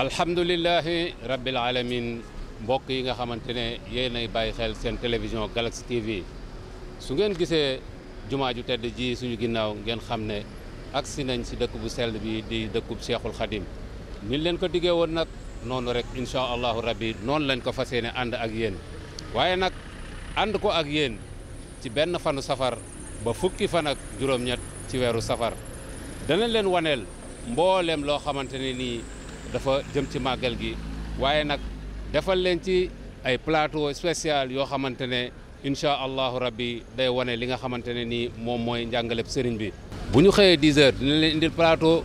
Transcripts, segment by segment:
alhamdulilahi rabbil alamin mbokk yi nga xamante ne yéenay bàyyi xel seen télévision Galaxy TV su ngeen gisee jumaa ju tedd ji suñu ginnaaw ngeen xam ne si nañ si dëkk bu sell bi di dëkkub seexul Khadim ni leen ko diggee woon nag noonu rek incha allahu rabbi noonu lañ ko fas yéene ànd ak yéen waaye nag ànd ko ak yéen ci benn fanu safar ba fukki fan ak juróom-ñett ci weeru safar danañ leen waneel mbooleem loo xamante nii dafa jëm ci màggal gi waaye nag defal leen ci ay plateau spécial yoo xamante ne incha allahu rabbi day wane li nga xamante ne nii moom mooy njàngaleb sëriñ bi. bu ñu xëyee 10 heures dina leen indil plateau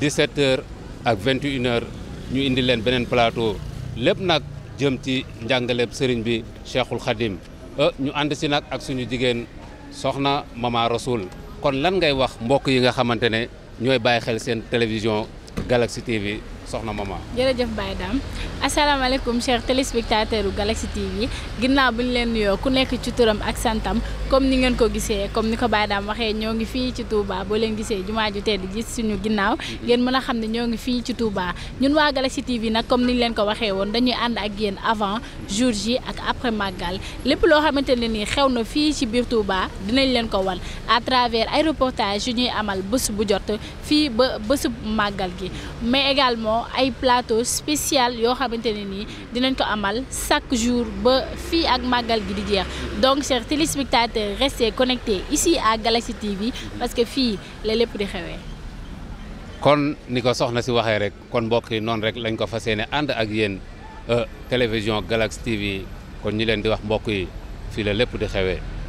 17 heures ak 21 heures ñu indi leen beneen palato lépp nag jëm ci njàngaleb sëriñ bi cheikhul xadim euh, ñu ànd si nag ak suñu jigéen soxna mama rasul kon lan ngay wax mbokk yi nga xamante ne ñooy bàyyi xel seen télévision Galaxy TV. soxna mama jërëjëf Baye chers téléspectateurs Galaxy TV ginnaw buñ leen ku nekk ci ak santam comme ni ngeen ko gisee comme ni ko Baye waxee ci Touba bo leen gisee jumaa ju tedd suñu ginnaaw mm-hmm. ngeen mën a xam ne ci Touba ñun waa Galaxy TV comme niñ ko waxee woon dañuy ak avant jour ak après màggal lépp loo xamante ne nii xew ci biir Touba dinañ ko à travers ay ñuy amal bés bu jot ba gi mais également émission ay plateau spécial yoo xamante ne dinañ ko amal chaque jour ba fii ak màggal gi di jeex donc chers téléspectateurs restez connectés ici à Galaxy TV parce que fi les lepp di xewé kon niko soxna ci waxé rek kon mbokk yi non rek lañ ko fas and ak ak euh télévision Galaxy TV kon ñi leen di wax mbokk yi fi la lepp di xewé